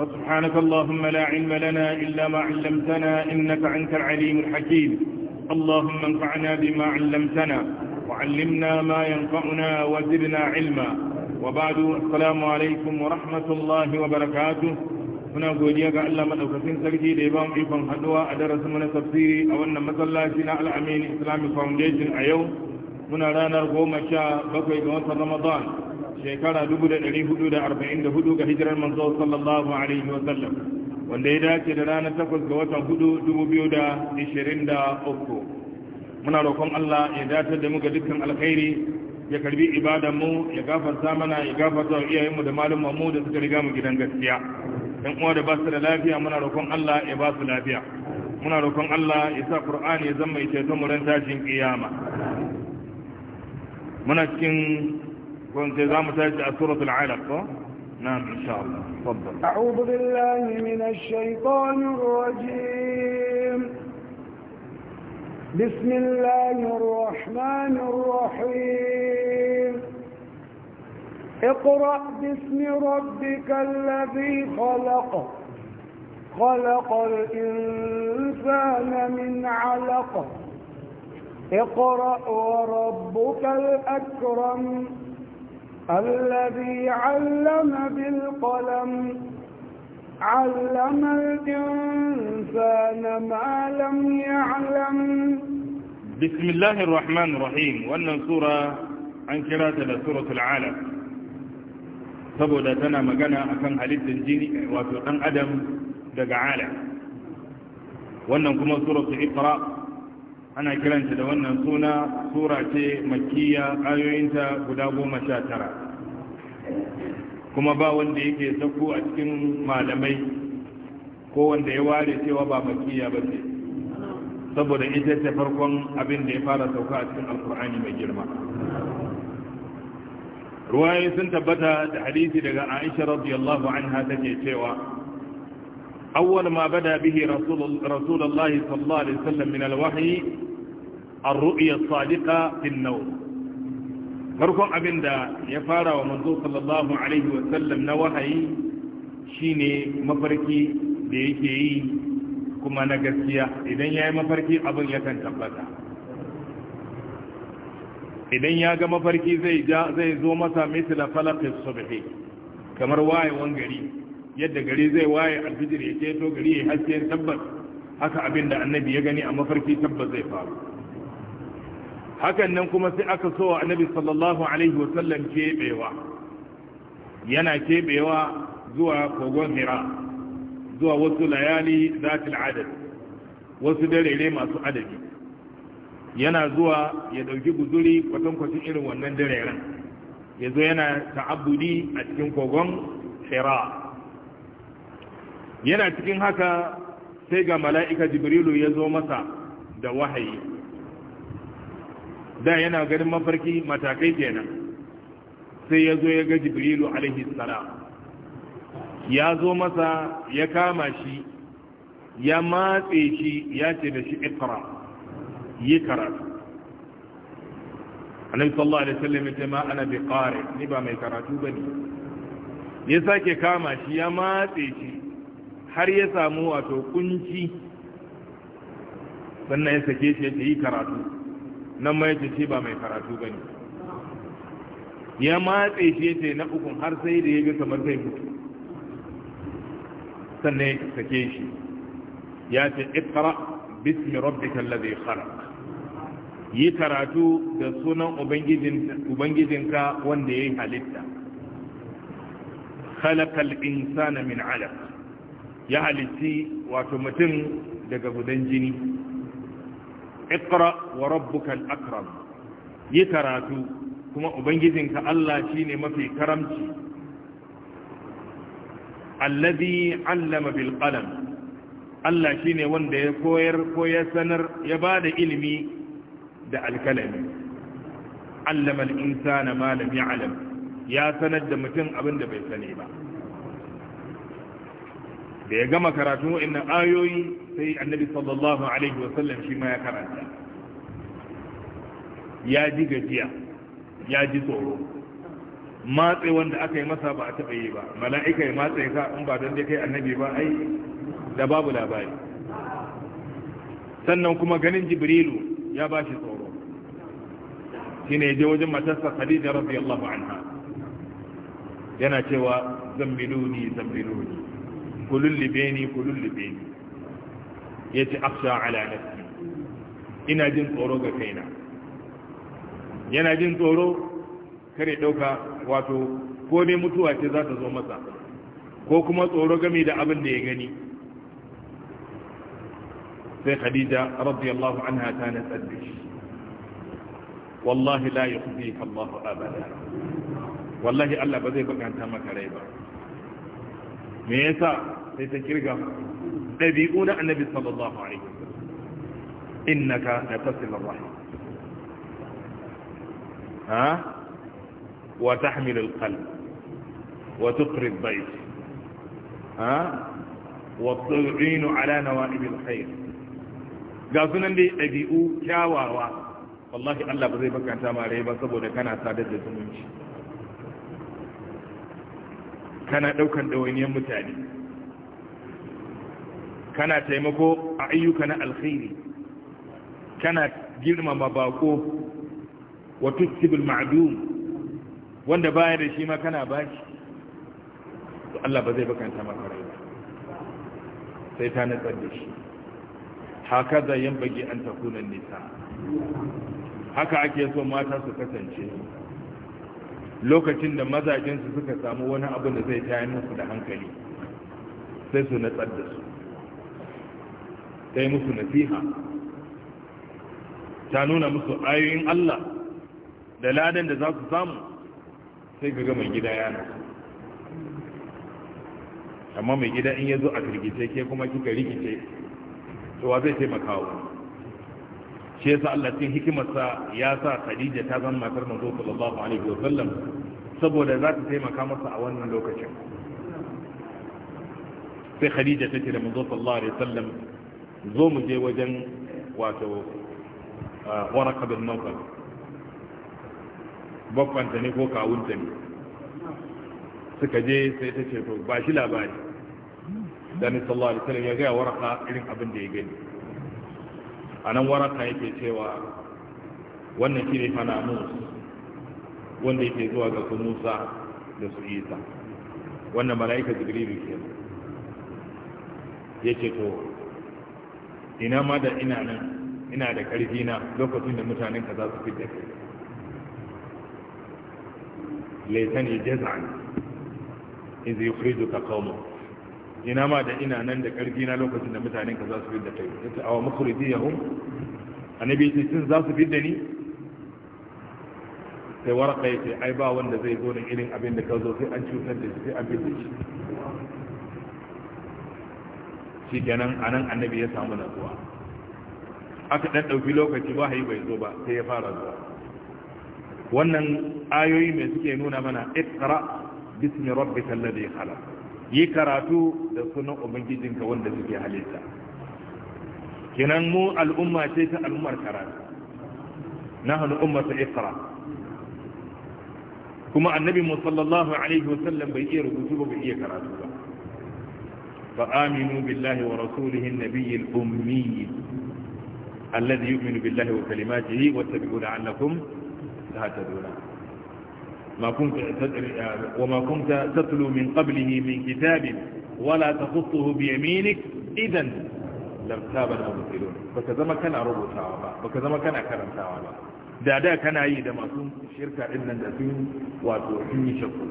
وسبحانك اللهم لا علم لنا إلا ما علمتنا إنك أنت العليم الحكيم اللهم انفعنا بما علمتنا وعلمنا ما ينفعنا وزدنا علما وبعد السلام عليكم ورحمة الله وبركاته muna godiya ga Allah madaukakin sarki da ya ba mu ikon haduwa a darasin mu na tafsiri a wannan masallaci na al Islamic Foundation a yau muna ranar goma sha bakwai ga watan Ramadan shekara dubu da da da hudu arba'in hudu ga hijirar manzo sallallahu alaihi wa sallam wanda ya dace da ranar takwas ga watan hudu dubu biyu da ishirin da uku, muna roƙon Allah ya datar da mu ga dukkan alkhairi ya karbi ibadan mu ya gafarta mana ya gafarta wa iyayenmu da malumman mu da suka riga mu gidan gaskiya dan uwa da ba su da lafiya muna roƙon Allah ya ba su lafiya muna roƙon Allah ya sa Qur'ani ya zama ya ceton mu ran tashin kiyama muna cikin كنت إذا متجأ سورة العلق نعم إن شاء الله تفضل أعوذ بالله من الشيطان الرجيم بسم الله الرحمن الرحيم اقرأ باسم ربك الذي خلق خلق الإنسان من علق اقرأ وربك الأكرم الذي علم بالقلم علم الإنسان ما لم يعلم بسم الله الرحمن الرحيم وأن سورة عن كراتة سورة العالم saboda tana magana akan halittar jini wato dan adam daga ala سورة kuma suratul ana kiranta da wannan suna sura ce makiya ayoyinta guda goma sha tara kuma ba wanda yake sako a cikin malamai ko wanda ya ware cewa ba makiya ba ce saboda ita ce farkon abin da ya fara sauka a cikin alkur'ani mai girma ruwaye sun tabbata da hadisi daga aisha radiyallahu anha take cewa أول ما بدأ به رسول, رسول الله صلى الله عليه وسلم من الوحي الرؤية الصادقة في النوم abin da ya fara wa manzo sallallahu alaihi na wahayi shine mafarki da yake yi kuma na gaskiya idan ya yi mafarki abin yakan tabbata idan ya ga mafarki zai zo masa misla falakis subhi kamar wayewan gari yadda gari zai waye alfijir ya ceto gari ya haske tabbas haka abin da annabi ya gani a mafarki tabbas zai faru hakan nan kuma sai aka so wa annabi sallallahu alaihi wa sallam kebewa yana kebewa zuwa kogon hira zuwa wasu layali zatil adad wasu dare masu adadi yana zuwa ya ɗauki guzuri kwatankwacin irin wannan dare ran yazo yana ta'abudi a cikin kogon hira yana cikin haka sai ga mala'ika jibrilu ya zo masa da wahayi da yana ganin mafarki matakai kenan sai ya zo ya ga jibrilu alaihi ya zo masa ya kama shi ya matse shi ya ce da shi ikara yi karatu annabi sallallahu alaihi wasallam ya ce ma ana bi ƙare ni ba mai karatu ba ne. ya sake kama shi ya matse shi har ya samu wato kunci sannan ya sake shi ya yi karatu nan ma ya ce ba mai karatu ba ne ya matse shi ya na ukun har sai da ya ga kamar zai mutu sannan ya sake shi ya ce ikra bismi rabbika allazi khalaq yi karatu da sunan ubangijinka wanda ya yi halitta khalaqal insana min alaq ya halitti wato mutum daga gudan jini Ikra wa rabbukal akram yi karatu kuma ubangijinka Allah shine mafi karamci Allazi allama bil qalam Allah shine wanda ya koyar ko ya sanar ya bada ilimi da alkalami allama al insana ma lam ya'lam ya sanar da mutum abin da bai sani ba da ya gama karatun wa'annan ayoyi sai annabi sallallahu alaihi wasallam shi ma ya karanta ya ji gajiya ya ji tsoro matse wanda aka yi masa ba a taɓa yi ba mala'ika ya matse ka in ba don dai kai annabi ba ai da babu labari sannan kuma ganin jibrilu ya ba shi tsoro shi ne je wajen matarsa khadija radiyallahu anha yana cewa zambiluni zambiluni ku lullube ni ku lullube ni ya ce afsha ala nafsi ina jin tsoro ga kaina yana jin tsoro kare ɗauka wato ko dai mutuwa ce za ta zo masa ko kuma tsoro game da abin da ya gani sai khadija radiyallahu anha ta natsar da shi wallahi la yukhziha Allahu abada wallahi Allah ba zai bakanta maka rai ba me yasa sai ta kirga ɗabi'u na annabi sallallahu alaihi innaka la tasil rahim ha wa tahmil al qalb wa tuqri al bayt ha wa tu'inu ala nawa'ib al khair ga sunan dai ɗabi'u kyawawa wallahi Allah ba zai bakanta ma rai ba saboda kana sadar da zumunci kana ɗaukan ɗawainiyar mutane kana taimako a ayyuka na alkhairi kana girmama bako wa tuktibul ma'dum wanda baya da shi ma kana bashi to Allah ba zai bakanta maka rai ba, sai ta natsar da shi haka za yan bagi an takuna nisa haka ake so mata su kasance lokacin da mazajensu suka samu wani abu da zai tayar musu da hankali sai su natsar da su sai musu nasiha ta nuna musu ayoyin Allah da ladan da za su samu sai ga mai gida yana amma mai gida in ya zo a firgice ke kuma kika rikice to wa zai taimaka wa shi yasa Allah cikin hikimarsa ya sa Khadija ta zama matar manzo sallallahu alaihi wa sallam saboda za ta taimaka masa a wannan lokacin sai Khadija ta da manzo sallallahu alaihi wa sallam zo mu je wajen wato waraka bin nawfal babbanta ne ko kawunta ne suka je sai ta ce to ba shi labari dan sallallahu alaihi wa sallam ya ga waraka irin abin da ya gani a nan waraka yake cewa wannan shi ne musu wanda yake zuwa ga su musa da su isa wannan mala'ika jibrilu ke ya ce to ina ma da ina nan ina da ƙarfi na lokacin da mutanen ka za su fita kai laitani jaz'an iz yukhrijuka qaumun ina ma da ina nan da karfi na lokacin da mutanen ka za su da kai yace awa mukhriji yahum annabi yace sun za su da ni sai waraka yace ai ba wanda zai zo da irin abin da ka zo sai an cutar da shi sai an da shi shi kenan anan annabi ya samu natsuwa aka dan dauki lokaci ba hayi bai zo ba sai ya fara zuwa wannan ayoyi mai suke nuna mana iqra bismi rabbikal ladhi khalaq yi karatu da sunan ubangijinka wanda suke halitta kinan mu al'umma ce ta al'ummar karatu na nahnu ummatu iqra kuma annabi mu sallallahu alaihi wasallam bai iya rubutu ba bai iya karatu ba fa aminu billahi wa rasulihi an-nabiyyi al-ummi alladhi yu'minu billahi wa kalimatihi wa tabi'u la'allakum tahtaduna ما كنت وما كنت تتلو من قبله من كتاب ولا تخطه بيمينك إذا لارتاب المبطلون فكذا ما كان ربو تعالى فكذا ما كان كرم تعالى da da kana yi da masu shirka din da sun wato sun yi shakku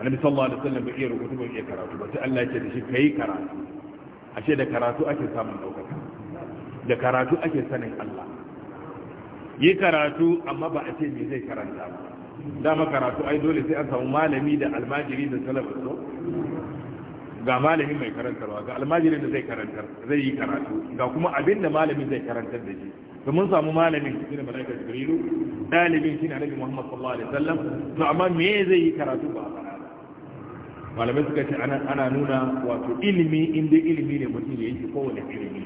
annabi sallallahu alaihi wasallam bai iya rubutu bai karatu ba sai Allah ce da shi kai karatu ashe da karatu ake samun daukaka da karatu ake sanin Allah yi karatu amma ba a ce me zai karanta ba dama karatu ai dole sai an samu malami da almajiri da salafa so ga malamin mai karantarwa ga almajiri da zai karantar zai yi karatu ga kuma abin da malamin zai karantar da shi to mun samu malamin shi ne malaikar jibrilu dalibin shi ne annabi muhammad sallallahu alaihi wasallam to amma me zai yi karatu ba malamai suka ce ana nuna wato ilimi inda ilimi ne mutum ya yi kowane ilimi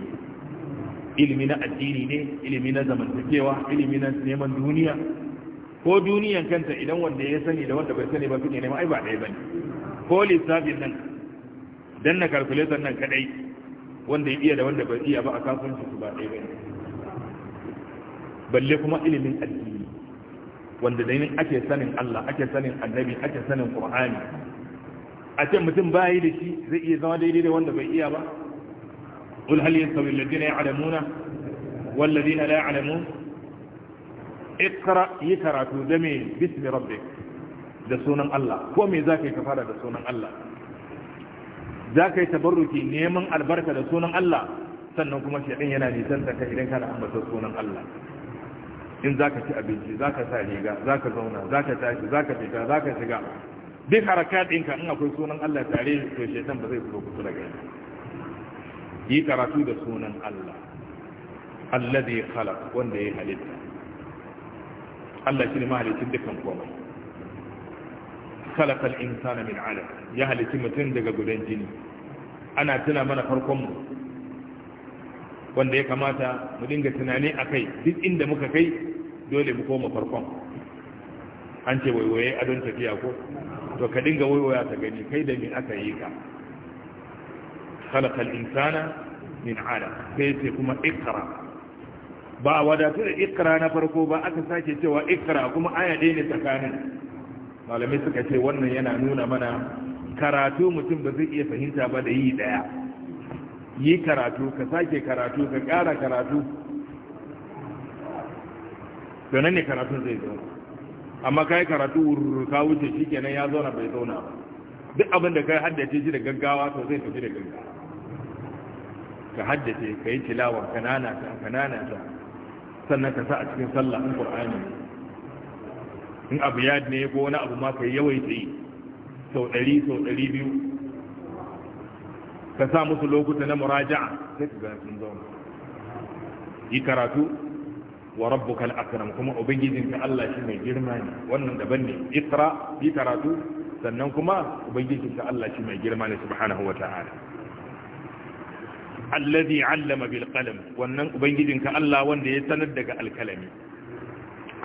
ilimi na addini ne ilimi na zamantakewa ilimi na neman duniya ko duniyan kanta idan wanda ya sani da wanda bai sani ba suke neman ai ba ɗaya bane ko lissafin nan dan na calculator nan kadai wanda ya iya da wanda bai iya ba a kasuwanci su ba ɗaya bane balle kuma ilimin addini wanda da ake sanin Allah ake sanin annabi ake sanin Qur'ani a ce mutum bayi da shi zai iya zama daidai da wanda bai iya ba قل هل يستوي الذين يعلمون والذين لا يعلمون ikra yi karatu da me bismi rabbik da sunan Allah ko me zaka yi ka da sunan Allah zaka yi tabarruki neman albarka da sunan Allah sannan kuma shedan yana nisan ta kai idan kana ambata sunan Allah in zaka ci abinci zaka sa riga zaka zauna zaka tashi zaka fita zaka shiga duk harakat ɗinka in akwai sunan Allah tare to shedan ba zai fito kusa daga yi karatu da sunan Allah Allah alladhi khalaq wanda ya halitta Allah shi ne mahalicin dukkan komai khalaqal insana min 'alaq ya halicci mutum daga gudan jini ana tuna mana farkonmu. wanda ya kamata mu dinga tunani a kai, duk inda muka kai dole mu koma farkon an ce waiwaye adon tafiya ko to ka dinga waiwaya ta gani kai da me aka yi ka khalaqal insana min 'alaq sai sai kuma ikra ba a wadatu da ikra na farko ba aka sake cewa ikra kuma aya ɗaya ne tsakanin malamai suka ce wannan yana nuna mana karatu mutum ba zai iya fahimta ba da yi ɗaya yi karatu ka sake karatu ka ƙara karatu nan ne karatun zai zauna amma ka yi karatu ka wuce shi kenan ya zauna bai zauna ba duk abin da ka haddace shi da gaggawa to zai tafi da gaggawa ka haddace ka yi tilawa kanana ta kanana ta sannan ka sa a cikin sallah in ƙur'ani in abu ya ne ko wani abu ma kai yawaita yi sau ɗari sau ɗari biyu ka sa musu lokuta na muraja. sai ka gane sun zauna yi karatu wa kan akram kuma ubangijin ubangijinka Allah shi mai girma ne wannan daban ne ikra yi karatu sannan kuma ubangijin ubangijinka Allah shi mai girma ne subhanahu wa ta'ala allazi allama bil qalam wannan ubangijinka Allah wanda ya sanar daga alkalami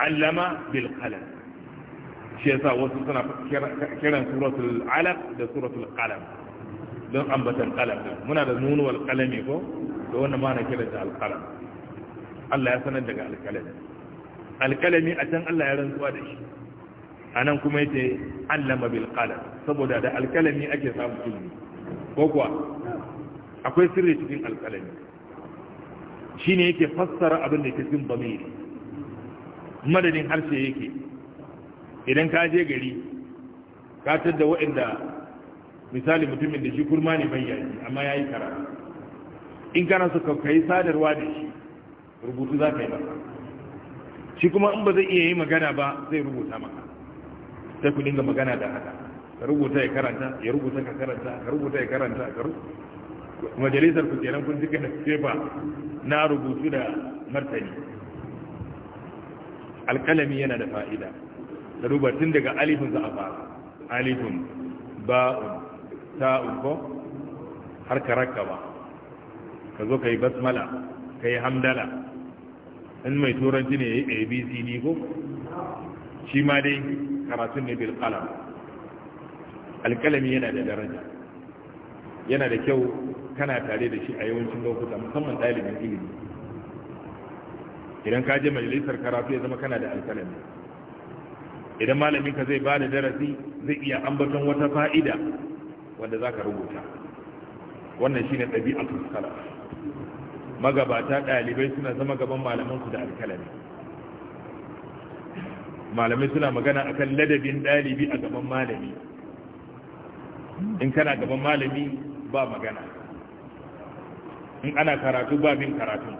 allama bil qalam shi yasa wasu suna kiran suratul alaq da suratul qalam don ambatan qalam muna da nunu wal qalami ko to wannan ma na kiranta al qalam Allah ya sanar daga alkalami alkalami a can Allah ya rantsuwa da shi nan kuma yace allama bil qalam saboda da alkalami ake samu ilimi ko kuwa akwai sirri cikin alƙalami ne yake fassara abin da ke cikin bamiri madadin harshe yake idan ka je gari ka tadda waɗanda misali mutumin da shi kurma ne bai yaji amma yi karatu in kana so ka kai sadarwa da shi rubutu za ka yi masa shi kuma in ba zai iya yi magana ba zai rubuta maka sai ku dinga magana da haka ka rubuta ya karanta ya rubuta ka karanta ka rubuta ya karanta ka rubuta majalisar ku kenan kun cika da na rubutu da martani alkalami yana da fa'ida da daga alifin za a fara alifin ba'un ta'un ko har ka ba ka zo ka yi basmala ka yi hamdala in mai turanci ne ya yi abcd ko shi ma dai karatun ne bil kalam alkalami yana da daraja yana da kyau kana tare da shi a yawancin lokuta musamman ɗalibin ilimi idan ka je majalisar karatu ya zama kana da alkalami idan malamin ka zai ba da darasi zai iya ambaton wata fa'ida wanda za ka rubuta wannan shi shine ɗabi'a fuskara magabata ɗalibai suna zama gaban malamansu da alkalami malamai suna magana a kan ladabin ɗalibi a gaban malami in kana gaban malami ba magana in ana karatu ba bin karatun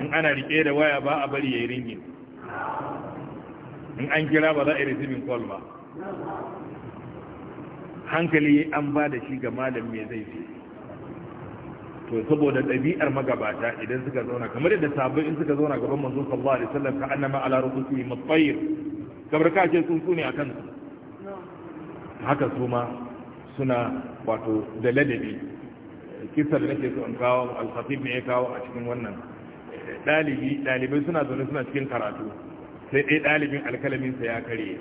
in ana rike da waya ba a bari ya yi ringin in an kira ba za a yi receiving call ba hankali an ba da shi ga malam mai zai fi to saboda ɗabi'ar magabata idan suka zauna kamar yadda sabbin in suka zauna gaban manzo sallallahu alaihi wasallam ka annama ala rusulihi matayir kamar ka ce tsuntsu ne akan su haka su ma suna wato da ladabi kisar da ke in kawo al ne ya kawo a cikin wannan dalibi dalibai suna zaune suna cikin karatu sai dai dalibin alkalamin sa ya kare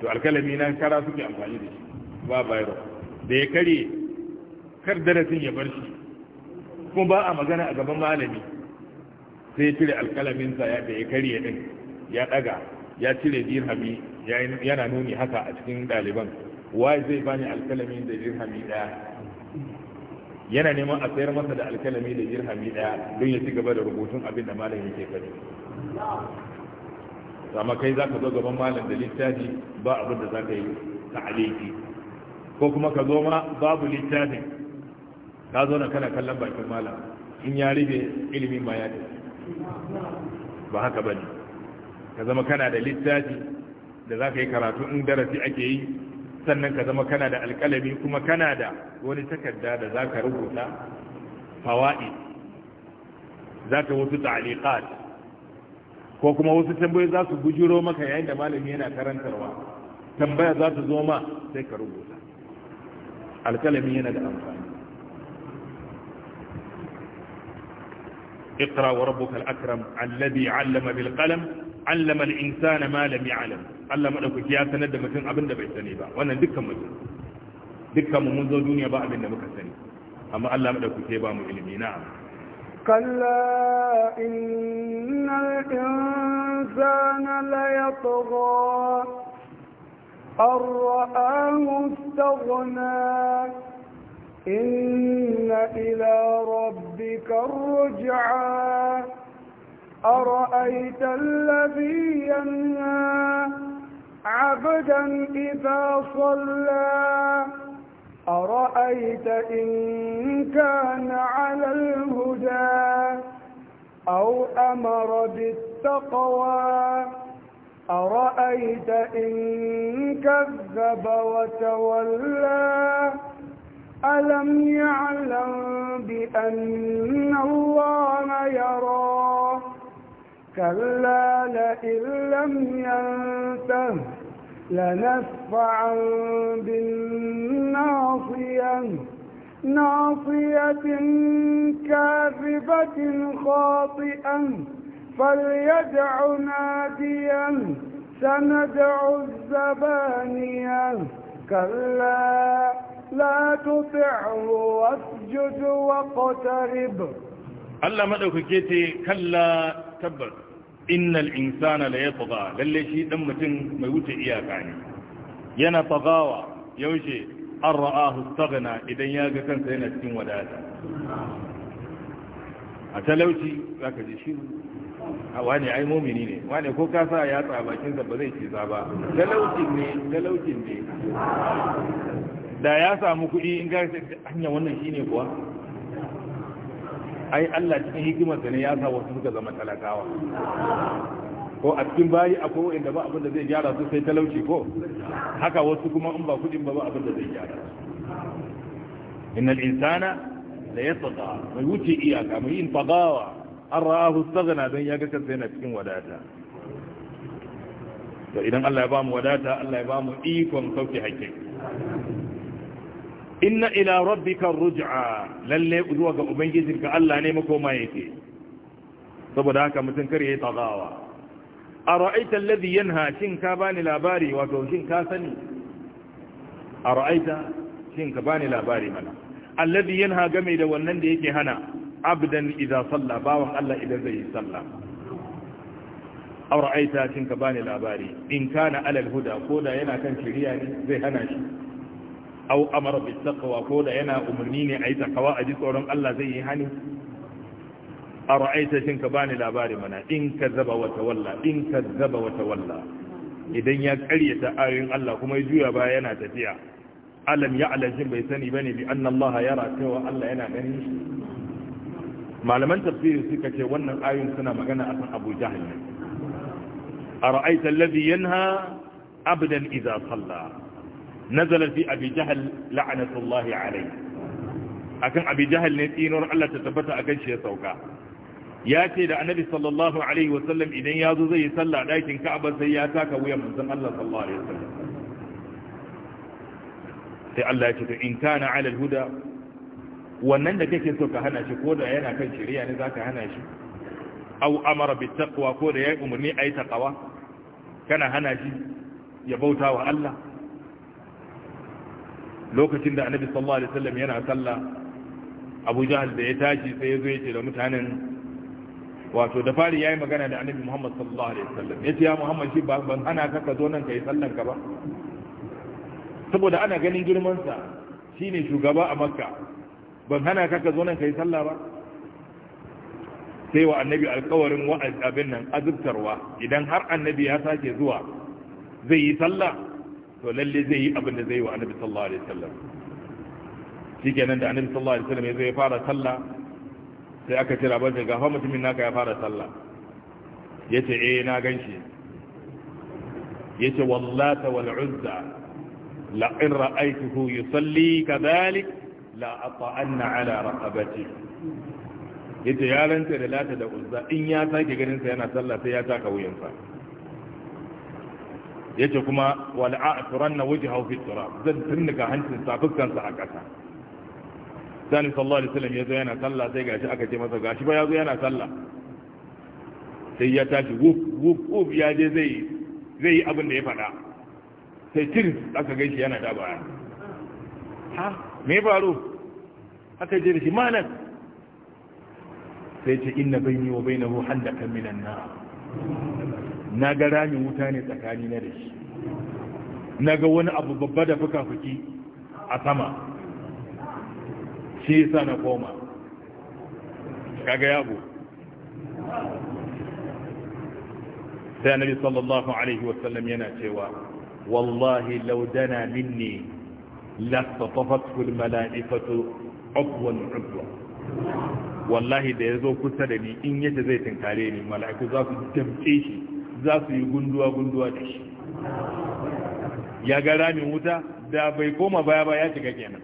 to alkalami na kara suke amfani da shi ba bayro da ya kare kar darasin ya bar shi kuma ba a magana a gaban malami sai ya cire alkalamin sa ya da ya kare din ya daga ya cire dirhami yana nuni haka a cikin daliban waye zai bani alkalami da dirhami daya yana neman a sayar masa da alkalami da dirhami daya don ya ci gaba da rubutun abin da malam yake faɗi amma kai za ka zo gaban malam da littafi ba abin da za ka yi ta'aliki ko kuma ka zo ma babu littafin ka zo na kana kallon bakin malam in ya rufe ilimin ma ya ba haka bane ka zama kana da littafi da za ka yi karatu in darasi ake yi sannan ka zama kana da alƙalami kuma kana da wani takarda da za ka rubuta fawa'i za ka wasu ta'aliqat ko kuma wasu tambayi za su bujiro maka yayin da malami yana karantarwa tambaya za ta zo ma sai ka rubuta alƙalami yana da amfani اقرأ وربك الأكرم الذي علم بالقلم علم الإنسان ما لم يعلم Allah madaukaki ya sanar da mutum abin da bai sani ba wannan dukkan mutum dukkan mu mun zo duniya ba abin da muka sani amma Allah madaukaki ba mu ilimi na kalla innal insana la yatgha أرآه استغنى إن إلى ربك الرجعى أرأيت الذي ينهى عبدا إذا صلى أرأيت إن كان على الهدى أو أمر بالتقوى أرأيت إن كذب وتولى ألم يعلم بأن الله يراه كلا لئن لم ينته لنفعا بالناصية ناصية كاذبة خاطئا فليدع ناديا سندع الزبانية كلا لا تطعه واسجد واقترب الله مدوكك كلا تبرك innal insana la yatgha lalle shi dan mutum mai wuce iyaka ne yana tagawa yaushe an ra'ahu staghna idan ya ga kansa yana cikin wadata a talauci zaka ji shi a wane ai mumini ne Wani ko ka sa ya tsaba kin da ba zai ce za ba Talauci ne talauci ne da ya samu kuɗi in ga hanya wannan shine kuwa ai Allah cikin hikimarsa ne ya sa wasu suka zama talakawa ko a cikin bayi akwai wanda ba abin da zai gyara su sai talauci ko haka wasu kuma in ba kudin ba ba abin da zai gyara innal insana la yatqa mai wuce iyaka mai in fagawa an ra'ahu dan ya ga sai na cikin wadata to idan Allah ya ba mu wadata Allah ya ba mu ikon sauki hakki inna ila rabbika ruj'a lalle zuwa ga ubangijinka Allah ne makoma yake saboda haka mutum kar yayi tagawa ara'aita alladhi yanha shin ka bani labari wato shin ka sani ara'aita shin ka bani labari mana alladhi yanha game da wannan da yake hana abdan idza salla bawan Allah idan zai salla ara'aita shin ka bani labari in kana alal huda koda yana kan shiriya ne zai hana shi au amara bis taqwa ko da yana umarni ne ayi takawa a ji tsoron Allah zai yi hani ara'aita shin ka bani labari mana in kazzaba wa tawalla in kazzaba wa tawalla idan ya karyata ayoyin Allah kuma ya juya ba yana tafiya alam ya'lam jin bai sani bane bi anna Allah yara cewa Allah yana ganin malaman tafsiri suka ce wannan ayoyin suna magana akan Abu Jahl ara'aita alladhi yanha abdan idza sallah. nazalar fi abi jahal la'anatullahi alai akan abi jahal ne tsinuwar Allah ta tabbata akan shi ya sauka ya ce da annabi sallallahu alaihi wasallam idan ya zo zai yi sallah ɗakin ka'aba sai ya taka wuyan manzon Allah sallallahu alaihi wasallam sai Allah ya ce to in kana ala alhuda wannan da kake so ka hana shi ko da yana kan shari'a ne zaka hana shi aw amara bit taqwa ko da yayi umarni ayi taqwa kana hana shi ya bauta wa Allah lokacin da annabi sallallahu alaihi wasallam yana sallah abu jahal da ya tashi sai ya zo ya ce da mutanen wato da fari yayi magana da annabi muhammad sallallahu alaihi wasallam ya ce ya muhammad shi ban ana ka ka zo nan ka yi sallan ka ba saboda ana ganin girman girmansa shine shugaba a makka ban hana ka ka zo nan ka yi ba sai wa annabi alƙawarin wa'az abin nan azubtarwa idan har annabi ya sake zuwa zai yi sallah to lalle zai yi abin da zai yi wa annabi sallallahu alaihi wasallam shikenan da annabi sallallahu alaihi wasallam zai fara sallah sai aka kira ba ga fa mutumin naka ya fara sallah yace eh na ganshi yace wallata wal uzza la in ra'aytuhu yusalli kadhalik la ata'anna ala raqabati yace ya lanta da lata da uzza in ya sake ganin sa yana sallah sai ya taka wuyansa yace kuma wal a'turanna wajhahu fi turab zan tunnuka hancin sa fuskan a ƙasa sani sallallahu alaihi wasallam yazo yana sallah sai gashi aka ce masa gashi ba yazo yana sallah sai ya tashi wuf wuf wuf ya je zai zai yi abin da ya faɗa sai tiris aka gaishe yana da baya ha me faru aka je da shi malam sai ce inna bayni wa bainahu handakan minan nar na ga ramin wuta ne tsakani na da shi na ga wani abu babba da fuka-fuki a sama shi yasa na koma kaga yabo sai annabi sallallahu alaihi wasallam yana cewa wallahi law dana minni lastatafathu almala'ikatu ubwan ubwa wallahi da ya zo kusa da ni in yadda zai tinkare ni mala'iku za su tamce shi za su yi gunduwa-gunduwa da shi ya ga ramin wuta da bai koma baya ba ya shiga kenan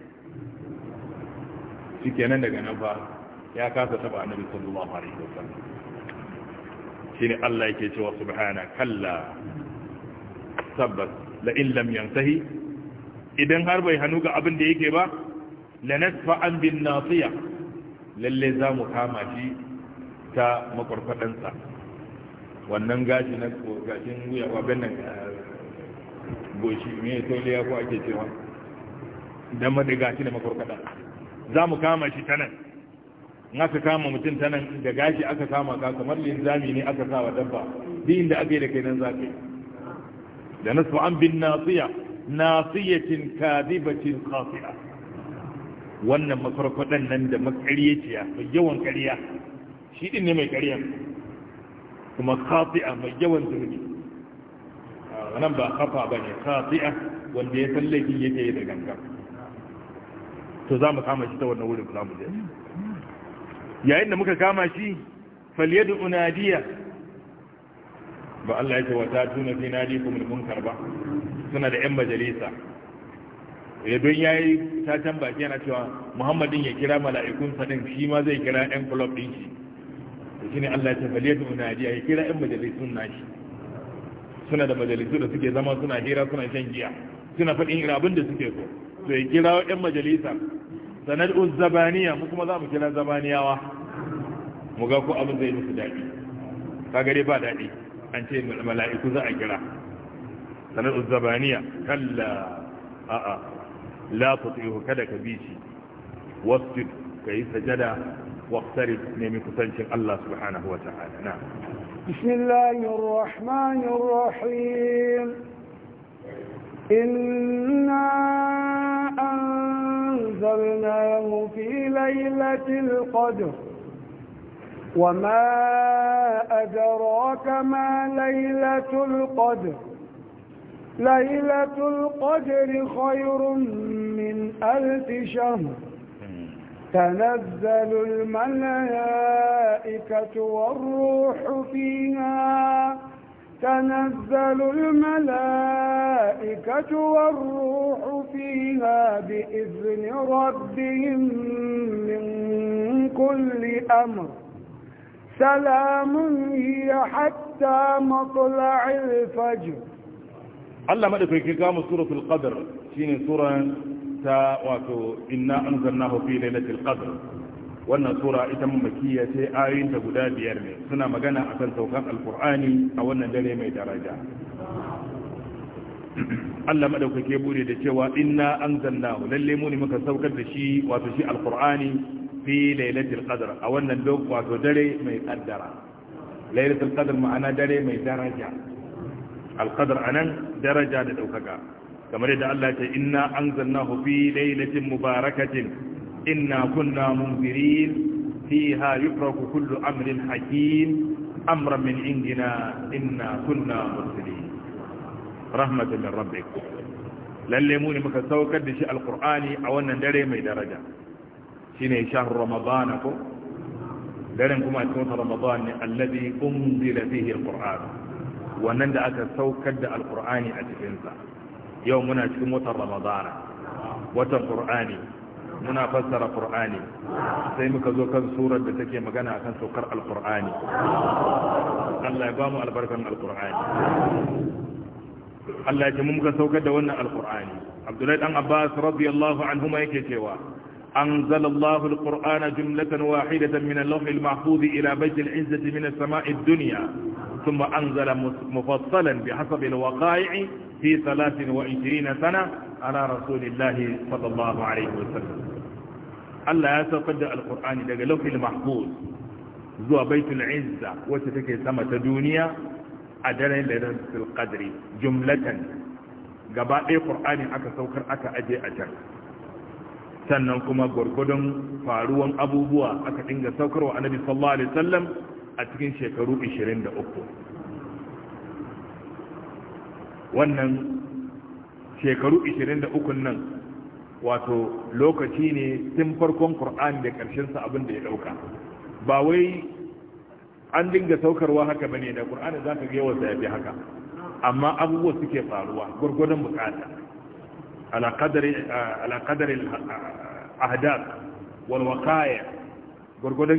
shi kenan daga nan ba ya kasa taba annabi sallallahu alaihi shi ne Allah yake cewa subhana kalla sabbat la in lam idan har bai hannu ga abin da yake ba an bin nasiya lalle za mu kama shi ta makwarfadansa wannan gashi na gashin wuya wabin nan eh, goshi mai ya ko ake cewa don madiga gashi da makwarkada za mu kama shi ta nan in aka kama mutum ta nan da gashi aka kama ka kamar linzami ne aka sa wa dabba bi inda aka yi da kai nan za ka yi da nasu an bin nasiya nasiyacin kadibacin kafiya wannan makwarkwadan nan da makariyaciya mai yawan karya shi din ne mai karyan kuma khati'a mai yawan zunubi nan ba kafa ba ne khati'a wanda ya san laifin yake yi da gangan to za mu kama shi ta wannan wurin za mu je yayin da muka kama shi falyadu unadiya ba Allah yake wata tuna fi nadi kuma munkar ba suna da yan majalisa ya don ya yi ta can baki yana cewa muhammadin ya kira mala'ikun sadin shi ma zai kira yan kulob din shi to shine Allah ya tafali ya tuna ji ai kira in majalisun nashi suna da majalisu da suke zama suna hira suna shan giya suna faɗin irin abin da suke so to ya kira ƴan majalisa sanar zabaniya mu kuma za mu kira zabaniyawa mu ga ko abin zai musu daɗi ka gare ba daɗi an ce mala'iku za a kira sanar zabaniya kalla a'a la tutihu kada ka bi shi wasjud kai sajada واقترب نيمي كسنشن الله سبحانه وتعالى نعم بسم الله الرحمن الرحيم إنا أنزلناه في ليلة القدر وما أدراك ما ليلة القدر ليلة القدر خير من ألف شهر تنزل الملائكة والروح فيها تنزل الملائكة والروح فيها بإذن ربهم من كل أمر سلام هي حتى مطلع الفجر علم أدفك كام سورة القدر شين سورة ta wato inna anzalnahu fi lailatul qadr wannan sura ita mamakiya ce ayoyin ta guda biyar ne suna magana akan saukan alqur'ani a wannan dare mai daraja Allah madaukake bude da cewa inna anzalnahu lalle mu ne muka saukar da shi wato shi alqur'ani fi lailatul qadr a wannan dok wato dare mai kaddara lailatul qadr ma'ana dare mai daraja alqadr anan daraja da daukaka kamar yadda Allah ya ce inna anzalnahu fi lailatin mubarakatin inna kunna munzirin fiha yufraku kullu amrin hakim amran min indina inna kunna mursalin rahmatan min rabbik lalle mu ne muka saukar da shi alqur'ani a wannan dare mai daraja shine shahru ramadan ko daren kuma a cikin ramadan ne alladhi unzila fihi alqur'an wannan da aka saukar da alqur'ani a cikin sa yau muna cikin watan ramadana watan qur'ani muna fassara qur'ani sai muka zo kan surar da take magana akan saukar alqur'ani Allah ya ba mu albarkan alqur'ani Allah ya mun muka saukar da wannan alqur'ani Abdullahi dan Abbas radiyallahu anhu ma yake cewa أنزل الله القرآن جملة واحدة من اللوح المحفوظ إلى بيت العزة من السماء الدنيا ثم أنزل مفصلا بحسب الوقائع في salatin وعشرين سنة على رسول الله صلى الله عليه وسلم Allah ya saukar da alkur'ani daga lafil mahfuz zuwa baitul izza wacce take sama ta duniya a da lailatul qadri jumlatan gaba ɗaya aka saukar aka aje a can sannan kuma gurgudun faruwan abubuwa aka dinga saukarwa anabi sallallahu alaihi wasallam a cikin shekaru 23 wannan shekaru 23 nan wato lokaci ne tun farkon Qur'ani da ƙarshen sa abin da ya ɗauka. ba wai an dinga saukarwa haka bane da Qur'ani zaka ga yawan sa yafi haka amma abubuwa suke faruwa gurgurdan bukata ala qadari ala qadari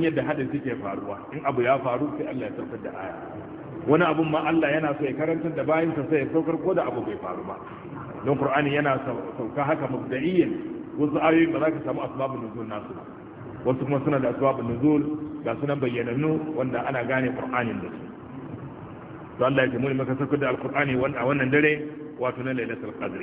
yadda hadin suke faruwa in abu ya faru sai Allah ya tafi da aya wani abun ma Allah yana so ya karantar da bayansa sai ya saukar ko da abu bai faru ba don Qur'ani yana sauka haka mubda'iyyan wasu ayoyi ba za ka samu asbabun nuzul nasu ba wasu kuma suna da asbabun nuzul ga sunan bayyanannu wanda ana gane Qur'anin da su to Allah ya ce mu ne maka saukar da al a wannan dare wato na Lailatul Qadr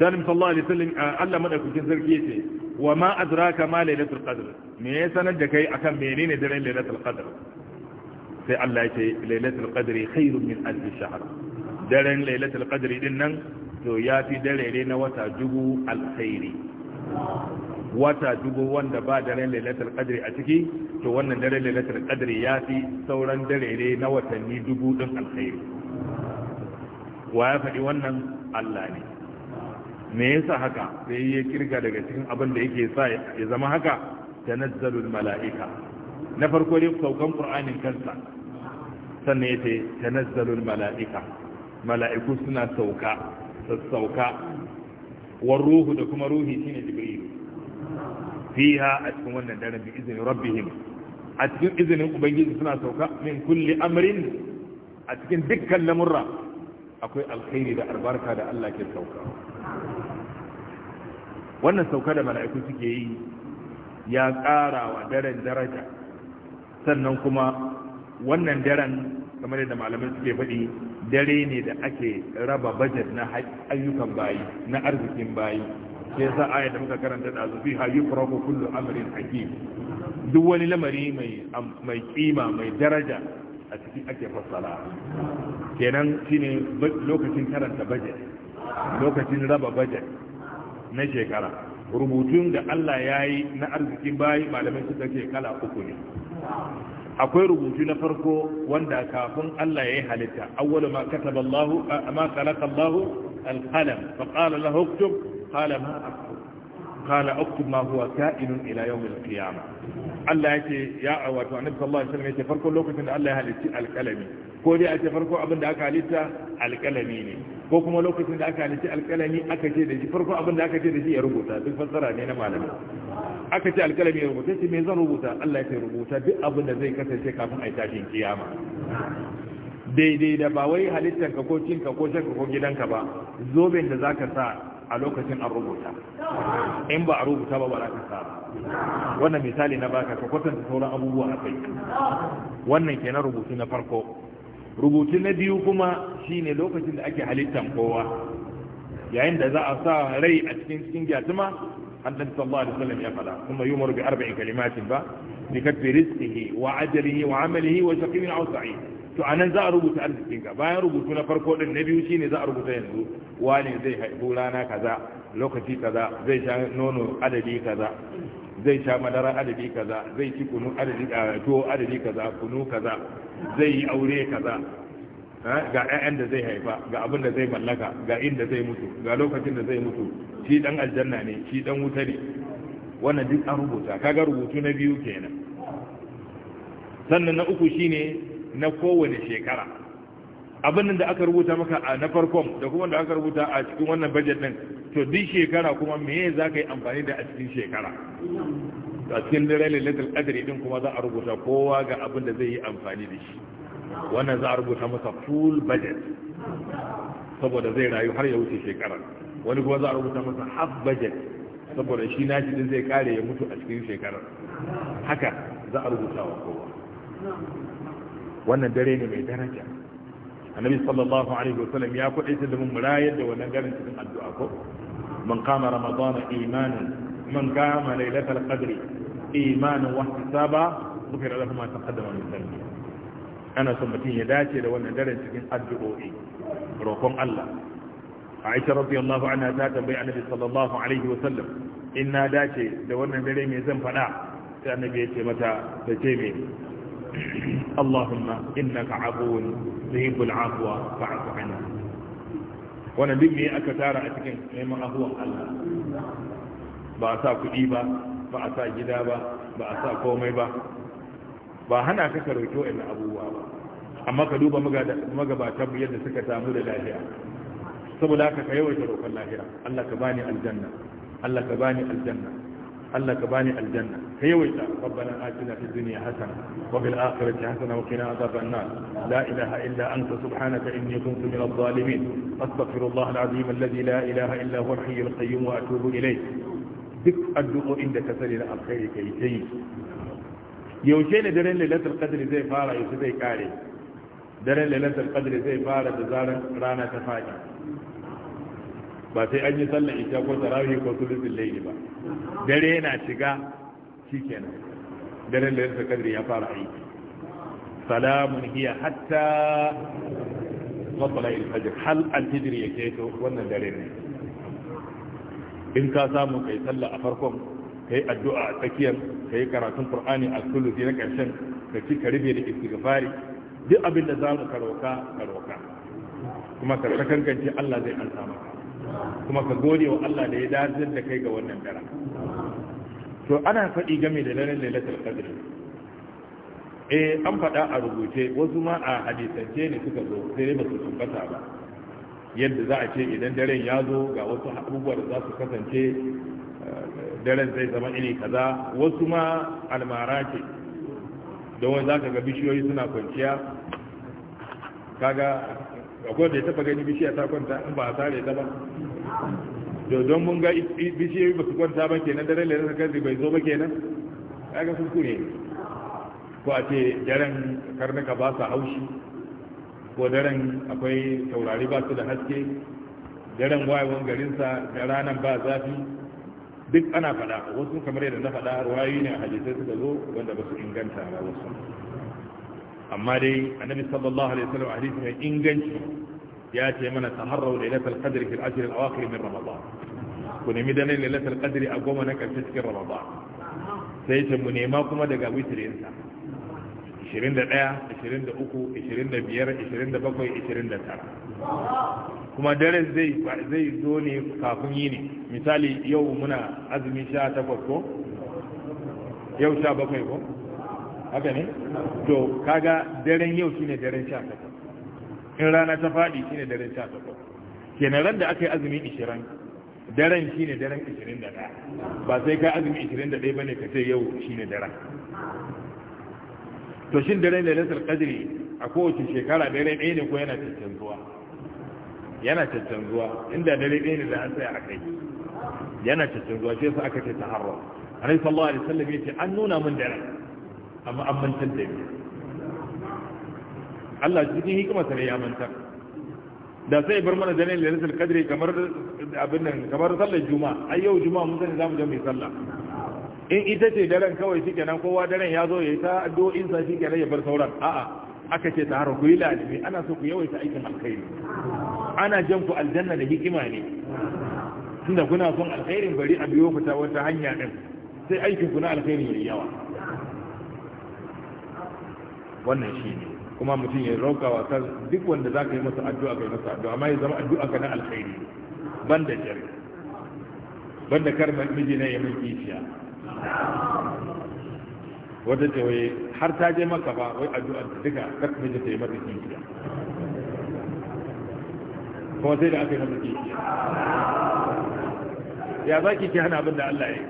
salim sallallahu alaihi wasallam Allah madaukakin sarki yace wa ma adraka ma lailatul qadr me ya sanar da kai akan menene dare lailatul qadr sai Allah yake lailatul qadri khairun min alf shahr daren lailatul qadri din nan to yafi dare na wata dubu alkhairi wata dubu wanda ba daren lailatul qadri a ciki to wannan dare lailatul qadri yafi sauran dare na watanni dubu din alkhairi wa ya faɗi wannan Allah ne me yasa haka sai ya kirga daga cikin abin da yake sa ya zama haka tanazzalul mala'ika na farko dai saukan qur'anin kansa sannan yace tanazzalul mala'ika mala'iku suna sauka sassauka war ruhu da kuma ruhi shine jibril fiha a cikin wannan daren bi izinin rabbihim a cikin izinin ubangiji suna sauka min kulli amrin a cikin dukkan lamurra akwai alkhairi da albarka da Allah ke sauka wannan sauka da mala'iku suke yi ya ƙara wa daren daraja sannan kuma wannan daren kamar yadda malamai suke faɗi dare ne da ake raba bajet na ayyukan bayi na arzikin bayi sai yasa aya da muka karanta da azufi ha farko kullum amrin haƙi. duk wani lamari mai kima mai daraja a ciki ake fassara kenan shine lokacin karanta bajet lokacin raba bajet na shekara rubutun da Allah ya yi na arzikin bayi malamai suka take kala uku ne akwai rubutu na farko wanda kafin Allah ya yi halitta awwalu ma kataba Allah ma khalaqa Allah al-qalam fa qala lahu uktub qala ma aktub qala uktub ma huwa ka'inun ila yawm al-qiyamah Allah yake ya wato annabi sallallahu alaihi wasallam yake farkon lokacin da Allah ya halitta al-qalami ko dai a ce farko abin da aka halitta alƙalami ne ko kuma lokacin da aka halitta alƙalami aka ce da shi farko abin da aka ce da shi ya rubuta duk fassara ne na malami aka ce alƙalami ya rubuta shi me zan rubuta Allah ya ce rubuta duk abin da zai kasance kafin a tashin kiyama daidai da ba wai halittar ka ko cinka ko shanka ko gidanka ba zoben da zaka sa a lokacin a rubuta in ba a rubuta ba ba za ka sa wannan misali na baka ka kwatanta sauran abubuwa a kai wannan ke na rubutu na farko rubutu na biyu kuma shine lokacin da ake halittan kowa yayin da za a sa rai a cikin cikin gyatuma annabi sallallahu alaihi wasallam ya fada kuma yumar bi arba'in kalimatin ba bi kadri rizqihi wa ajalihi wa amalihi wa shaqiyyin aw sa'id to anan za a rubuta arzikin ka bayan rubutu na farko din na biyu shine za a rubuta yanzu wani zai haihu rana kaza lokaci kaza zai sha nono adadi kaza zai sha madara adadi kaza zai ci kunu adadi kaza kunu kaza zai yi aure kaza ga 'ya'yan da zai haifa ga abin da zai mallaka ga inda zai mutu ga lokacin da zai mutu shi dan aljanna ne shi dan wuta ne wannan duk an rubuta kaga rubutu na biyu kenan sannan na uku shine na kowane shekara abin da aka rubuta maka a na farkon da kuma da aka rubuta a cikin wannan budget din to duk shekara kuma me zaka yi amfani da a cikin shekara a cikin lailatul qadri din kuma za a rubuta kowa ga abin da zai yi amfani da shi wannan za a rubuta masa full budget saboda zai rayu har ya wuce shekara wani kuma za a rubuta masa half budget saboda shi na shi din zai kare ya mutu a cikin shekara haka za a rubuta wa kowa wannan dare ne mai daraja annabi sallallahu alaihi wa sallam ya kuɗaita da mun murayar da wannan garin cikin addu'a ko man qama ramadana imanan man kama lailatul qadri imanan wa hisaba ghufira lahu ma taqaddama min dhanbi ana son mutum ya dace da wannan daren cikin addu'o'i roƙon Allah Aisha radiyallahu anha ta tambayi Annabi sallallahu alaihi wa sallam in dace da wannan dare me zan faɗa sai Annabi ya ce mata da me wannan duk me aka tara a cikin neman afuwan Allah ba a sa kuɗi ba ba a sa gida ba ba a sa komai ba ba hana ka karauki wa'annan abubuwa ba amma ka duba magabatan mu yadda suka samu da lahiya saboda haka ka yawaita roƙon lahira Allah ka bani aljanna Allah ka bani aljanna Allah ka bani aljanna ka yawaita rabbana atina fid dunya hasana wa fil akhirati hasana wa qina adhaban nar la ilaha illa anta subhanaka inni kuntu min adh-dhalimin astaghfirullah al-azim alladhi la ilaha illa huwa al-hayyul qayyum wa atubu ilayh duk addu'o'in da ka sani na alkhairi ka yi ta yi yaushe ne daren lailatul qadri zai fara yaushe zai kare daren lailatul qadri zai fara da zaran rana ta fadi ba sai an yi sallar isha ko tarawih ko sulutul layli ba dare yana shiga shikenan daren lailatul qadri ya fara aiki salamun hiya hatta matla'il fajr hal al ya yake to wannan dare ne in ka samu kai sallah a farkon kai addu'a a tsakiyar kai karatun qur'ani a sulusi na karshen ka ci ka rufe da istighfari duk abin da zamu karoka karoka kuma ka sakankance Allah zai an samu kuma ka gode wa Allah da ya dace da kai ga wannan dara to ana faɗi game da daren lailatul qadr eh an faɗa a rubuce wasu ma a hadisance ne suka zo sai dai ba su tabbata ba yadda za a ce idan daren ya zo ga wasu abubuwa da za su kasance eh, daren zai zama iri kaza wasu ma almara ce don za ka ga bishiyoyi suna kwanciya kaga akwai da ya taba gani bishiya ta kwanta in ba a sare ta ba don mun ga bishiyoyi ba su kwanta ba kenan daren da ya karni bai zo ba kenan kaga sun kure ko a ce daren karnuka ba su haushi ko daren akwai taurari ba su da haske daren wayewan garinsa da ranar ba zafi duk ana fada wasu kamar yadda na fada wayoyi ne a hadisai suka zo wanda ba su inganta ba wasu amma dai annabi sallallahu alaihi wasallam hadisi mai inganci ya ce mana taharrau lailatul qadri fil ashr al awakhir min ramadan ku nemi da lailatul qadri a goma na karshe cikin ramadan sai ce mu nema kuma daga witrinsa kuma daren zai zai zo ne kafin yi ne misali yau muna azumi sha takwas ko yau sha bakwai ko haka ne to kaga daren yau shine daren sha takwas in rana ta faɗi shine daren sha takwas kenan ran da aka yi azumi ishirin daren shine daren ishirin da ba sai ka azumi ishirin da ɗaya bane ka ce yau shine daren to shin daren lailatul qadri a kowace shekara dare ɗaya ne ko yana cancanzuwa yana cancanzuwa inda dare ɗaya ne da an tsaya a kai yana cancanzuwa sai yasa aka ce taharra annabi sallallahu alaihi wasallam yace an nuna mun dare amma an mantar da ni Allah cikin hikima sai ya mantar da sai bar mana dare lailatul qadri kamar abin nan kamar sallar juma'a ai yau juma'a mun sani mu je mai sallah in ita ce daren kawai shi kenan kowa daren ya zo ya yi in sa shi kenan ya bar sauran a'a aka ce ta haru ku yi lalibi ana so ku yawaita aikin alkhairi ana jan ku aljanna da hikima ne tunda kuna son alkhairin bari a biyo ku ta wata hanya din sai aikin ku na alkhairi yayi yawa wannan shi ne kuma mutum ya roƙa wa kan duk wanda za ka yi masa addu'a kai masa addu'a amma ya zama addu'a ka na alkhairi banda jari banda kar miji na ya mai kishiya wata ce waye har ta je maka ba wai addu'ar ta duka kaka miji ta yi mata kinkiya kuma sai da aka yi mata kinkiya ya za ki hana abin da Allah ya yi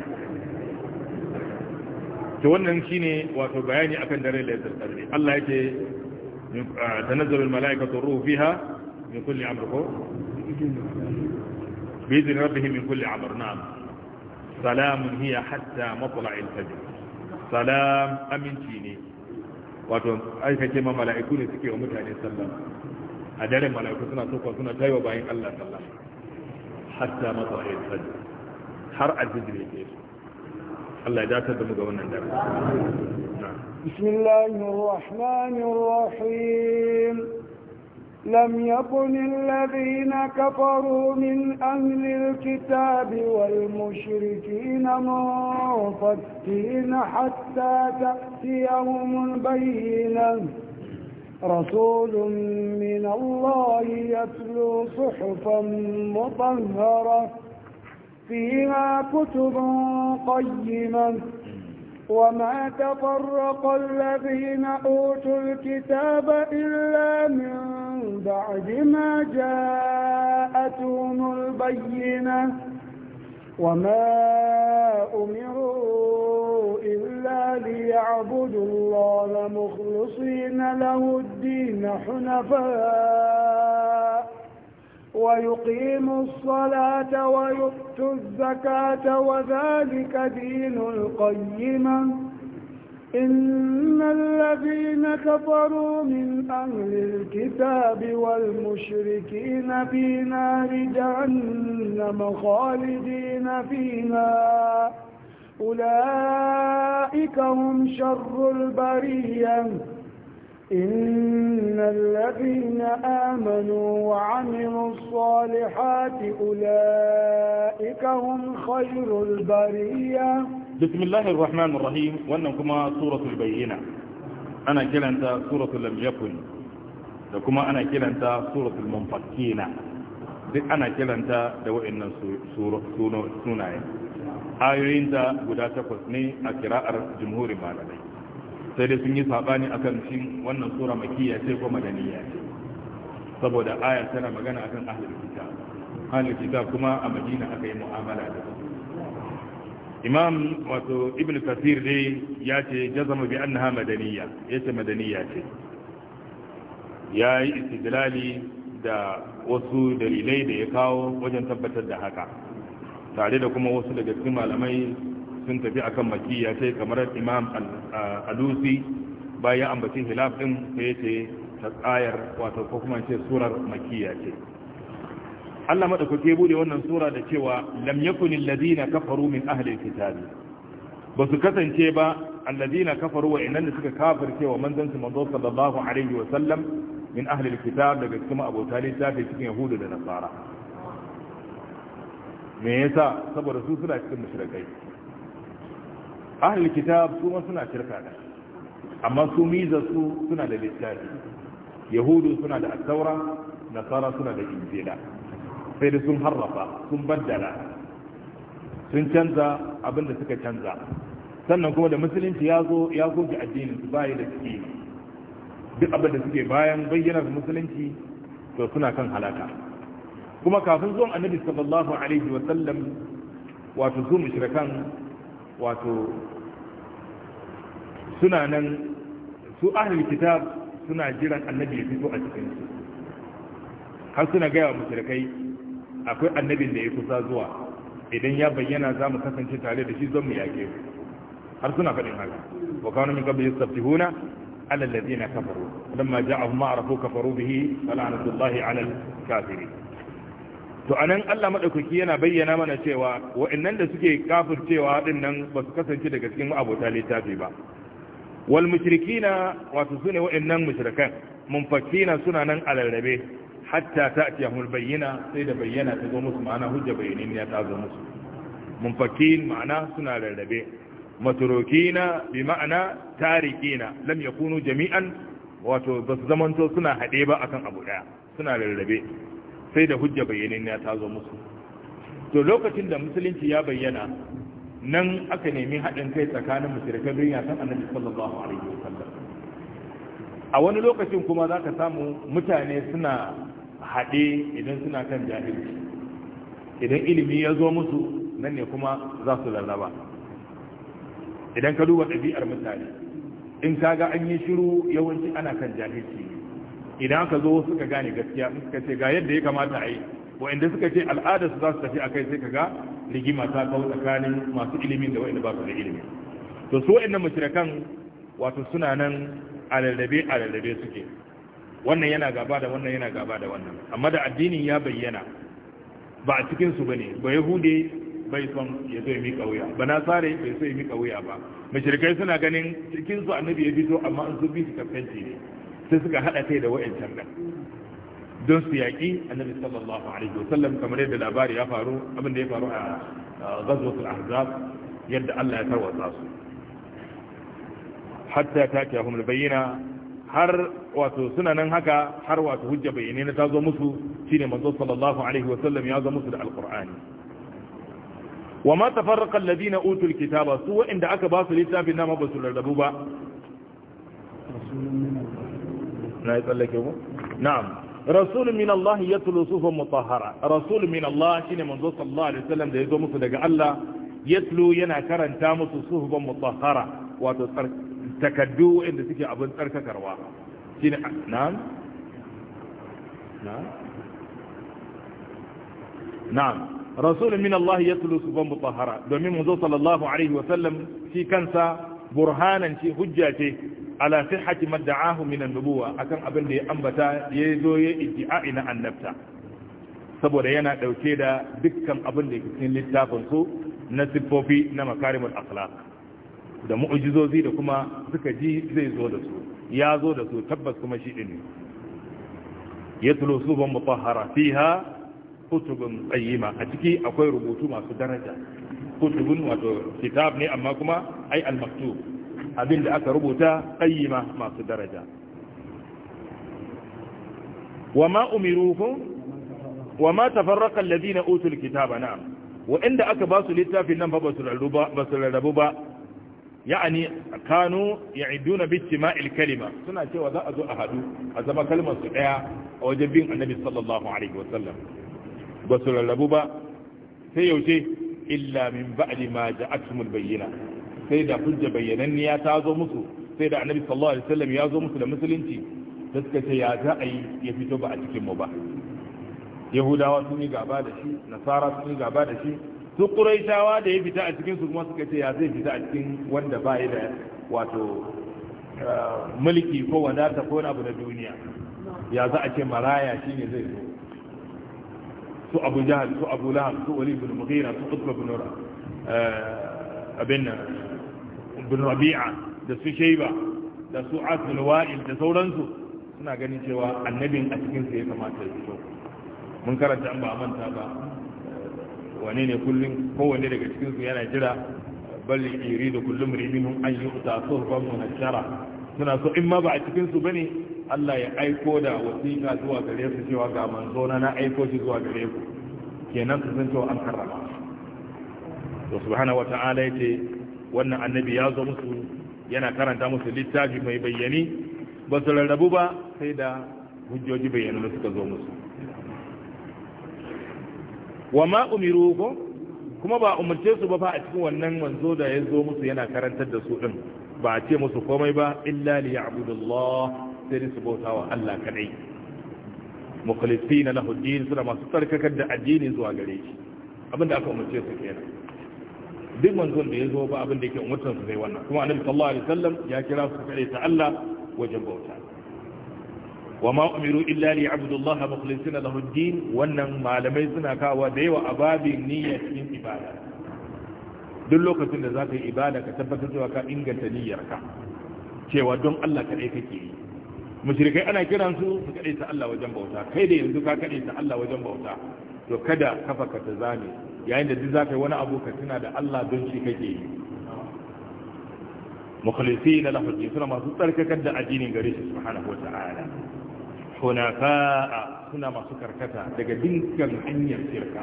to wannan shine wato bayani akan dare lailatul qadri Allah yake tanazzalul malaikatu ruhu fiha min kulli amr ko bi izni rabbihim min kulli amr na'am salamun hiya hatta matla'il fajr salam aminci ne wato aika ce ma mala'iku ne suke wa mutane sallama a daren mala'iku suna soka suna taiwa bayan Allah sallama hatta matla'il fajr har alfijir yake Allah ya dace da mu لم يكن الذين كفروا من أهل الكتاب والمشركين منفتين حتى تأتيهم البينة رسول من الله يتلو صحفا مطهرة فيها كتب قيمة وما تفرق الذين أوتوا الكتاب إلا من بعد ما جاءتهم البينة وما أمروا إلا ليعبدوا الله مخلصين له الدين حنفاء ويقيموا الصلاة ويؤتوا الزكاة وذلك دين القيمة إن الذين كفروا من أهل الكتاب والمشركين في نار جهنم خالدين فيها أولئك هم شر البريه إن الذين آمنوا وعملوا الصالحات أولئك هم خير البرية بسم الله الرحمن الرحيم وأنكما سورة البينة أنا أنت سورة لم يكن لكما أنا أنت سورة المنفكين أنا دواء إن سورة سنة آيوين دا قداتك قسمي أكراء جمهور لدي sai dai sun yi sabani akan shi wannan sura makiyya ce ko madaniya ce saboda aya tana magana akan ahlul kitab ahlul kitab kuma a madina aka yi mu'amala da su imam wato ibn kasir dai ya ce jazama bi annaha madaniya yace madaniya ce ya yi istidlali da wasu dalilai da ya kawo wajen tabbatar da haka tare da kuma wasu daga cikin malamai sun tafi akan makiya sai kamar imam alusi bayan ambacin hilaf din sai ya ce ta tsayar wata ko kuma ce surar makiya ce Allah ke bude wannan sura da cewa lam yakun alladhina kafaru min ahli alkitab ba su kasance ba alladhina kafaru wa innan suka kafirce wa manzon su manzo sallallahu alaihi wa sallam min ahli alkitab daga cikin abota littafi cikin yahudu da nasara me yasa saboda su suna cikin mushrikai ahlul kitab su ma suna shirka da amma su miza su suna da littafi yahudu suna da asaura nasara suna da injila sai da sun harrafa sun baddala sun canza abin da suka canza sannan kuma da musulunci ya zo ya goge addinin su bayi da suke duk abin da suke bayan bayyanar musulunci to suna kan halaka kuma kafin zuwan annabi sallallahu alaihi wa sallam wato su mushrikan wato suna nan su ahlul kitab suna jiran annabi ya fito a cikin su har suna gaya wa mushrikai akwai annabin da ya kusa zuwa idan ya bayyana za mu kasance tare da shi zan mu yake har suna faɗin haka wa kanu min qabli yastaftihuna ala alladhina kafaru lamma ja'ahum ma arafu kafaru bihi fala'natullahi ala al to anan Allah madaukaki yana bayyana mana cewa wa'annan da suke kafircewa din nan ba su kasance daga cikin abota littafi ba wal mushrikina wato sune wa'annan mushrikan munfakina suna nan alarrabe hatta ta ta'tiyahul bayyana sai da bayyana ta zo musu ma'ana hujja bayyanin ya ta zo musu munfakin ma'ana suna rarrabe maturokina bi ma'ana tarikina lam yakunu jami'an wato ba su zamanto suna haɗe ba akan abu ɗaya suna rarrabe sai da hujja bayyanin ya ta zo musu to lokacin da musulunci ya bayyana nan aka nemi haɗin kai tsakanin mushrikan duniya san annabi sallallahu alaihi wasallam a wani lokacin kuma za ka samu mutane suna haɗe idan suna kan jahilci idan ilimi ya zo musu nan ne kuma za su lallaba idan ka duba ɗabi'ar mutane in ka ga an yi shiru yawanci ana kan jahilci idan ka zo suka gane gaskiya suka ce ga yadda ya kamata a yi wa'anda suka ce al'ada su za su tafi akai sai kaga rigima ta kawo tsakanin masu ilimin da wa'anda ba su da ilimi to su wa'annan mushrikan wato suna nan alalabe alalabe suke wannan yana gaba da wannan yana gaba da wannan amma da addinin ya bayyana ba a cikin su bane ba yahude bai son ya zo ya mika wuya ba nasare bai so ya mika wuya ba mushrikai suna ganin cikin su annabi ya fito amma an so bi su kafanci ne sai suka hada kai da wa'ancan nan don su yaƙi annabi sallallahu alaihi wasallam kamar yadda labari ya faru abin da ya faru a ghazwatul ahzab yadda Allah ya tarwatsa su hatta ta ta hum bayyana har wato suna nan haka har wato hujja bayyane ta zo musu shine manzo sallallahu alaihi wasallam ya zo musu da alqur'ani wa ma tafarraqa alladhina utul kitaba su wa'inda aka ba su littafin nama ba su rarrabu ba na yi tsallake ku na'am rasul in Allah yatlu suhum mutahhara rasul min shine manzo sallallahu alaihi wasallam da yazo musu daga Allah yatlu yana karanta musu suhum mutahhara wato takaddu inda suke abin tsarkakarwa shine na'am na'am na'am rasul min Allah yatlu suhum domin manzo sallallahu alaihi wasallam shi kansa burhanan ce hujja ce ala sihhati madda'ahu min an-nubuwa akan abin da ya ambata ya zo ya iddi'a'i na annabta saboda yana dauke da dukkan abin da yake cikin littafin su na siffofi na makarimul akhlaq da mu'jizozi da kuma suka ji zai zo da su ya zo da su tabbas kuma shi din ne yatlu suban mutahhara fiha kutubun qayyima a ciki akwai rubutu masu daraja kutubun wato kitab ne amma kuma ai al-maktub abin da aka rubuta qayyima masu daraja wama umiruhum wama tafarraqa alladhina utul kitaba wa inda aka ba su littafin nan fa ba su rarrabu ba ya'ani kanu ya'iduna bi ittima'il kalima suna cewa za a zo a hadu a zama kalmar su daya a wajen bin annabi sallallahu alaihi wasallam ba su rarrabu ba sai yaushe illa min ba'di ma ja'atuhumul bayyina sai da hujja bayyananniya ta zo musu sai da annabi sallallahu alaihi wasallam ya zo musu da musulunci da suka ce ya za a yi ya fito ba a cikin mu ba yahudawa sun yi gaba da shi nasara sun yi gaba da shi su quraishawa da ya fita a cikin su kuma suka ce ya zai fita a cikin wanda ba ya da wato eh, mulki ko wadata ko wani abu na duniya ya za a ce maraya shine zai zo su abu jahal su abu lahab su wali bin mughira su utba bin eh, abin bin rabi'a da su shaiba da su asbin wa'il da sauransu suna ganin cewa annabin a cikin sa ya kamata ya fito mun karanta an ba a manta ba eh, wane ne kullum kowane daga cikin su yana jira bal yuridu kullu mri'in an yu'ta suhban munashara suna so in ma ba a cikin su bane Allah ya aiko da wasiƙa zuwa gare su cewa ga manzo na na aiko shi zuwa gare ku kenan su san cewa an karrama to subhanahu wata'ala yace wannan annabi ya zo musu yana karanta musu littafi mai bayyani ba su rarrabu ba sai da hujjoji bayyana suka zo musu wa ma umiru ko kuma ba umarce su ba fa a cikin wannan manzo da ya zo musu yana karantar da su din ba a ce musu komai ba illa liya'budullah sai su bauta wa Allah kadai mukhlisina lahu din suna masu tsarkakar da addini zuwa gare shi abinda aka umarce su kenan duk manzon da ya zo ba abinda yake umartar su sai wannan kuma annabi sallallahu alaihi wasallam ya kira su kadai ta Allah wajen bauta wa ma umiru illa li abdullah mukhlisina lahu din wannan malamai suna kawo da yawa ababin niyyar cikin ibada duk lokacin da zaka yi ibada ka tabbatar cewa ka inganta niyyarka cewa don Allah kadai kake yi mushrikai ana kiransu su kaɗe ta Allah wajen bauta kai da yanzu ka kaɗe ta Allah wajen bauta to kada kafa ka ta zame yayin da duk za ka yi wani abu ka tuna da Allah don shi kake yi mukhlisi na lafazi suna masu tsarkakar da addinin gare shi subhanahu wa ta'ala hunafa'a suna masu karkata daga dinkan hanyar shirka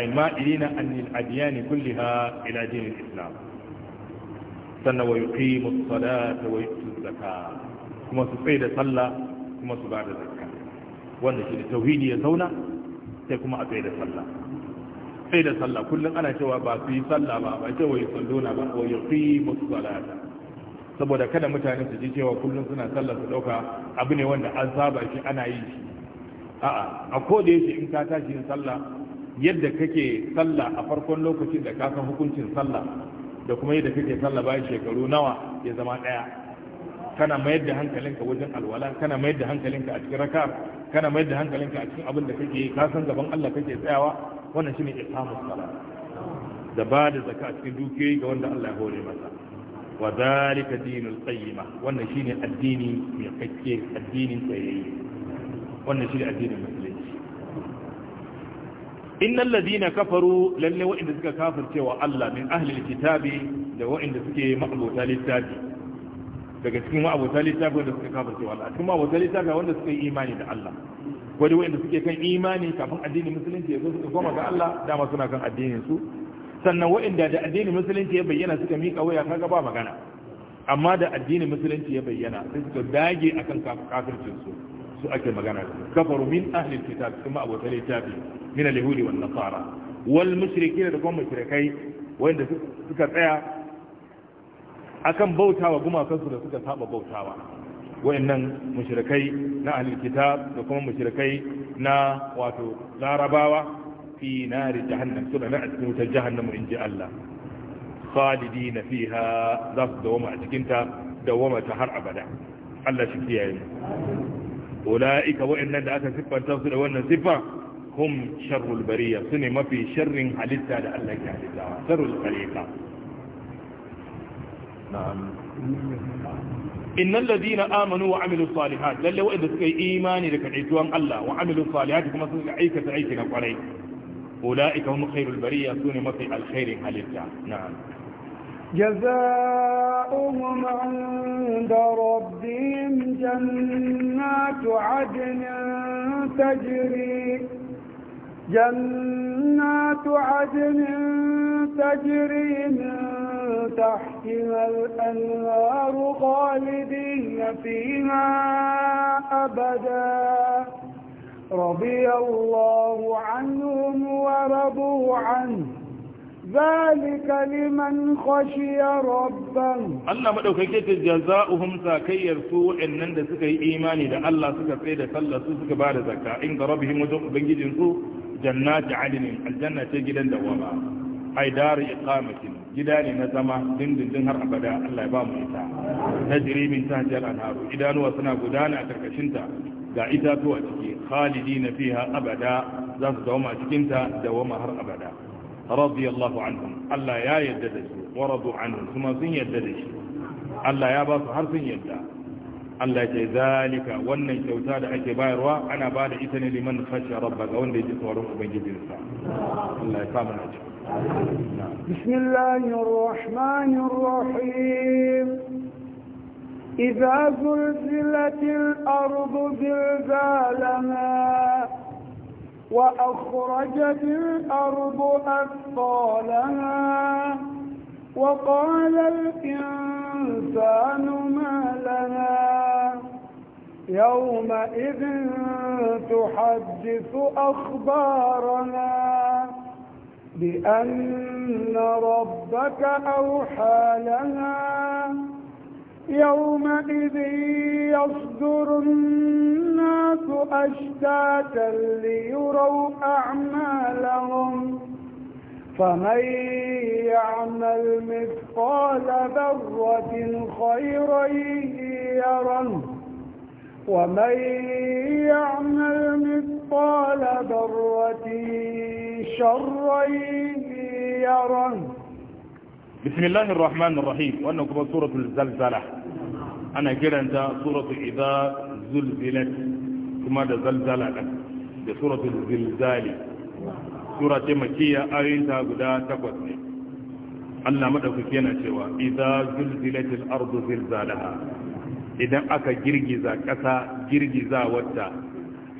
ay ma'ilina anil adyani kulliha ila dinil islam sannan wa yuqimu as-salata wa yutu zakata kuma su tsaye da sallah kuma su ba da zakka wanda shi da tauhidi ya zauna sai kuma a tsaye da sallah tsaye da sallah kullum ana cewa ba su yi sallah ba ba cewa yi na ba ko yafi musu salata saboda kada mutane su ji cewa kullum suna sallah su dauka abu ne wanda an saba shi ana yi shi a'a a ko da yake in ka tashi yin sallah yadda kake sallah a farkon lokacin da ka san hukuncin sallah da kuma yadda kake sallah bayan shekaru nawa ya zama daya kana mayar da hankalinka wajen alwala kana mayar da hankalinka a cikin raka kana mayar da hankalinka a cikin abin da kake yi ka san gaban Allah kake tsayawa wannan shine iqamus sala da ba da zakka a cikin dukiyoyi ga wanda Allah ya hore masa wa zalika dinul qayyima wannan shine addini mai kakke addinin tsayayye wannan shine addinin musulunci innal ladina kafaru lalle wa'inda suka kafirce wa Allah min ahli alkitabi da wa'inda suke ma'abota littafi daga cikin ma'abuta littafi da suka kafarce cewa Allah cikin ma'abuta littafi wanda suka yi imani da Allah Wani wanda suke kan imani kafin addinin musulunci ya zo suka goma ga Allah dama suna kan addinin su sannan wa'inda da addinin musulunci ya bayyana suka miƙa waya kaga ba magana amma da addinin musulunci ya bayyana sai suka dage akan kafircin su su ake magana da kafaru min ahli kitab kuma abota littafi min al-yahudi wan nasara wal mushrikin da kuma mushrikai wanda suka tsaya akan bautawa gumakansu da suka saba bautawa wayannan mushrikai na ahlul kitab da kuma mushrikai na wato larabawa fi nari jahannam suna na a cikin wutar jahannamu inji Allah na fiha za su dawama a cikin ta dawama ta har abada Allah shi kiyaye mu ulaika wayannan da aka siffanta su da wannan siffa hum sharrul bariya sune mafi sharrin halitta da Allah ya halitta sharrul نعم. إن الذين آمنوا وعملوا الصالحات للي وإذا سكي إيماني لك عزوان الله وعملوا الصالحات كما سنعيك سعيشنا قري أولئك هم خير البرية سون مطيع الخير هل نعم جزاؤهم عند ربهم جنات عدن تجري جنات عدن تجري من تحتها الأنهار خالدين فيها أبدا رضي الله عنهم ورضوا عنه ذلك لمن خشي ربا أنا ما دوك جزاؤهم ساكي يرسو إن عند سكي إيماني لأن الله سكي سيدة صلى سكي زكا إن ربهم وزق بنجد جنسو jannati adinin aljanna ce gidan dawama ai daru iqamatin gida ne na zama dindindin har abada Allah ya ba mu ita tajri min tahtiha al-anharu idanuwa suna gudana a karkashin ta ga itatuwa ciki khalidina fiha abada za su dawama cikin ta dawama har abada radiyallahu anhum Allah ya yadda da su wa radu anhum kuma sun yadda da shi Allah ya ba su har sun yadda Allah ce zalika wannan kyauta da ake bayarwa ana ba da ita ne liman khashiya rabba ga wanda yake tsoron ubangijinsa Allah ya samu naci بسم الله الرحمن الرحيم إذا زلزلت الأرض زلزالها وأخرجت الأرض أثقالها وقال الإنسان ما لها يومئذ تحدث أخبارنا بأن ربك أوحى لها يومئذ يصدر الناس أشتاتا ليروا أعمالهم فمن يعمل مثقال ذرة خيرا يره ومن يعمل مثقال ذرة شرا يره بسم الله الرحمن الرحيم وأنا كما سورة الزلزلة أنا كده أنت سورة إذا زلزلت كما ده زلزلة ده سورة الزلزال sura ce makiyya ayoyinta guda takwas ne Allah madaukaki yana cewa Iza zulzilatil ardu zilzalaha idan aka girgiza ƙasa girgizawarta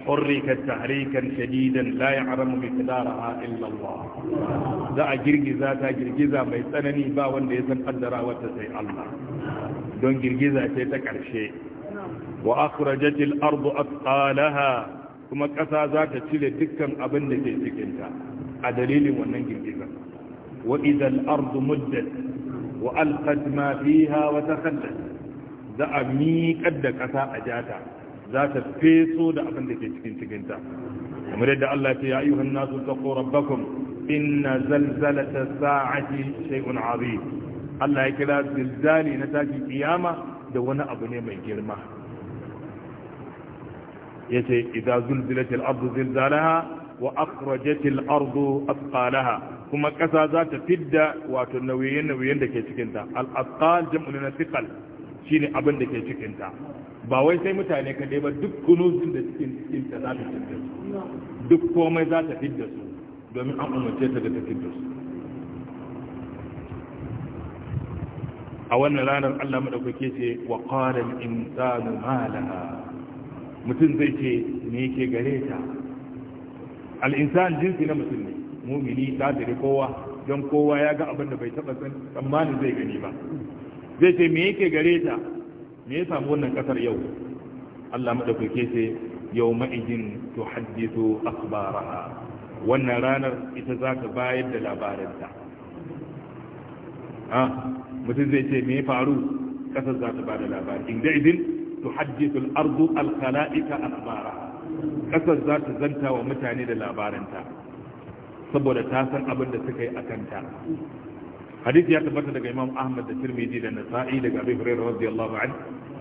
hurrikat tahrikan shadidan la ya'lamu miqdaraha illa Allah za a girgiza ta girgiza mai tsanani ba wanda ya san kaddara wata sai Allah don girgiza ce ta ƙarshe wa akhrajatil ardu athqalaha kuma ƙasa za ta cire dukkan abin da ke cikinta a dalilin wannan girgizar wa idan ardu muddat wa alqat ma fiha wa takhallat za a miƙar da ƙasa a jata za ta feso da abin da ke cikin cikinta kamar yadda Allah ya yi ayyuhan nasu taqu rabbakum inna zalzalata sa'ati shay'un 'azim Allah ya kira zilzali na tashi kiyama da wani abu ne mai girma Ya ce idza zulzilatil ardu zilzalaha wa akhrajatil ardu athqalaha kuma kasa za ta fidda wato nauyin nauyin da ke cikin ta al athqal jam'un na thiqal shine abin da ke cikin ta ba wai sai mutane ka kaɗai ba duk kunuzin da cikin cikin ta za ta fidda su duk komai za ta fidda su domin an umarce ta da ta fidda su a wannan ranar Allah madaukake ce wa qala al insanu ma laha mutum zai ce me ke gare ta al'insan jinsi na mutum ne mumini ta dare kowa don kowa ya ga abin da bai taɓa tsammanin zai gani ba zai ce me yake gare ta me ya samu wannan ƙasar yau Allah maɗaukake sai yau ma'ijin to haddisu akbaraha wannan ranar ita za ka bayar da labaranta ah, mutum zai ce me faru ƙasar za ta ba da labari inda idin tuhaddithu al-ardu al-khala'ika kasar za ta zanta wa mutane da labaranta saboda ta san abin da suka yi a kanta hadisi ya tabbata daga imam ahmad da tirmidhi da nasa'i daga abi hurairah radiyallahu anhu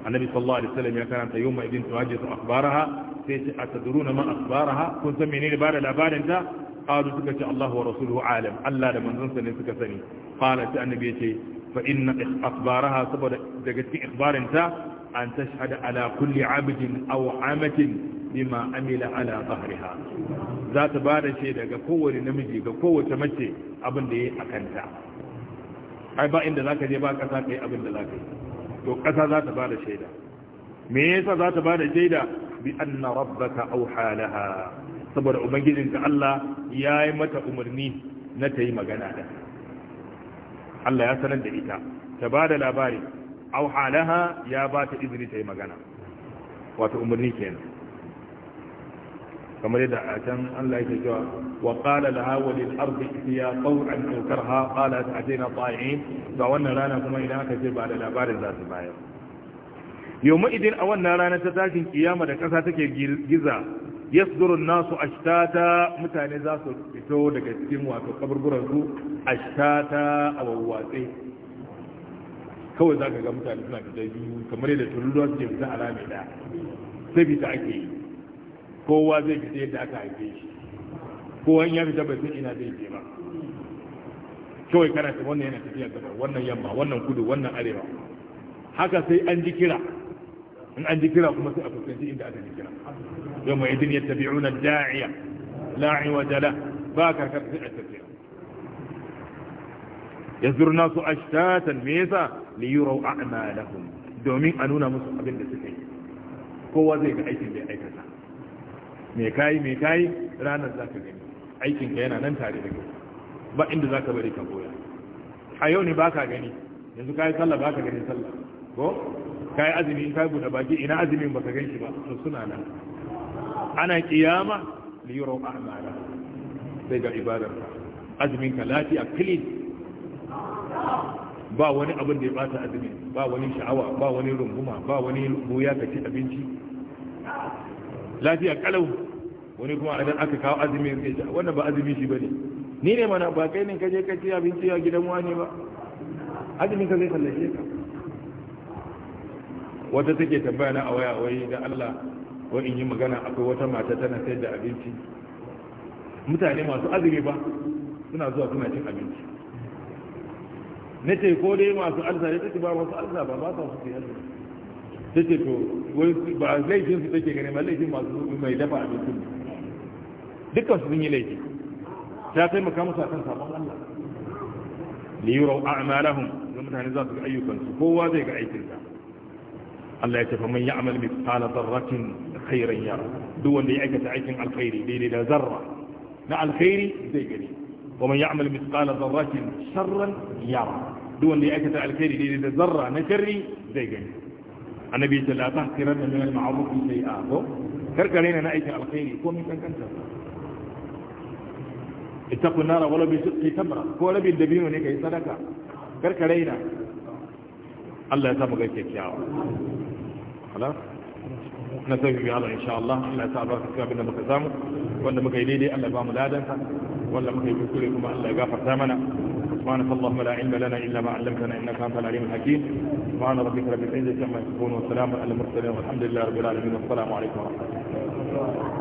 annabi sallallahu alaihi wasallam ya karanta yawma ibn tuhaddithu akhbaraha sai ce atadruna ma akhbaraha kun san menene ba labaranta labarin qalu suka ce Allah wa rasuluhu alam Allah da manzon sa ne suka sani qala sai annabi ya ce fa inna akhbaraha saboda daga cikin ikhbarin an tashhada ala kulli abdin aw amatin bima amila ala zahriha za ta ba da shaida ga kowane namiji ga kowace mace abin da yayi akanta ai ba inda zaka je ba kasa kai abin da zaka yi to kasa za ta ba da shaida me yasa za ta ba da shaida bi anna rabbaka awha laha saboda ubangijinka Allah yayi mata umarni na ta yi magana da Allah ya sanar da ita ta ba da labari auha laha ya ba ta izini ta yi magana wato umarni kenan kamar yadda a can Allah yake cewa wa qala laha wa lil ardi ya qaw'an aw karha qalat atina ta'i'in ga wannan rana kuma idan aka ce ba da labarin za su bayar yawma idin a wannan rana ta tashin kiyama da kasa take giza yasdurun nasu ashtata mutane za su fito daga cikin wato kaburburan su ashtata a kawai za ka ga mutane suna fita biyu kamar yadda tururuwa suke fita a rami ɗaya sai fita ake yi kowa zai fita yadda aka haife shi kowa in ya fita bai san ina zai je ba kawai kana ta wannan yana tafiya gaba wannan yamma wannan kudu wannan arewa haka sai an ji kira in an ji kira kuma sai a fuskanci inda aka ji kira yau idin ya tabi'una da'iya la'i wa jala ba ka sai a tafiya ya zurna su ashtatan me yasa li yurau a'malahum domin a nuna musu abin da suka yi kowa zai ga aikin da ya aikata me kai me kai ranar zaka gani aikin ka yana nan tare da kai ba inda zaka bari ka goya a yau ne baka gani yanzu kai sallah baka gani sallah ko kai azumi kai guda baki ina azumin baka ganki ba to suna nan ana kiyama li yurau a'malahum sai ga ibadar azumin ka lafiya clean ba wani abin da ya bata azumi ba wani sha'awa ba wani runguma ba wani goya ka ci abinci lafiya kalau wani kuma idan aka kawo azumi sai ce wannan ba azumi shi bane ni ne mana ba kai ne ka je ka ci abinci a gidan wani ba azumi ka zai tallace ka wata take tambaya na a waya wai da Allah wa in yi magana akwai wata mata tana sayar da abinci mutane masu azumi ba suna zuwa suna cin abinci na ce ko dai masu alsa ne take ba masu alsa ba ba sa su ke alsa ta ce to wai ba laifin su take gani ba laifin masu mai dafa abinci ne dukkan su sun yi laifi ta taimaka musu akan sabon Allah liyurau a'malahum da mutane za su ga su kowa zai ga aikin aikinsa Allah ya ce fa man ya ya'mal mithqala dharratin khairan yara duk wanda ya aikata aikin alkhairi daidai da zarra na alkhairi zai gani wa man ya'mal mithqala dharratin sharran yara دون لي أكثر الكري لذي ذرع نكري زي جاني النبي صلى الله عليه وسلم من المعروف شيء آخر كرك علينا نأيك الخيري كو من كان كنتر اتقوا النار ولا بشق تمرة كو بيدبين ونيك يصدك كرك علينا الله يتابع غيك يا خلاص نسوي في إن شاء الله الله يتابع في إنما كسامه وإنما كيليدي ألا بام الآدم وإنما كيبسوا لكم ألا يقافر ثامنا سبحانك اللهم لا علم لنا إلا ما علمتنا إنك أنت العليم الحكيم سبحان ربك رب العزة عما يصفون والسلام على المرسلين والحمد لله رب العالمين والسلام عليكم ورحمة الله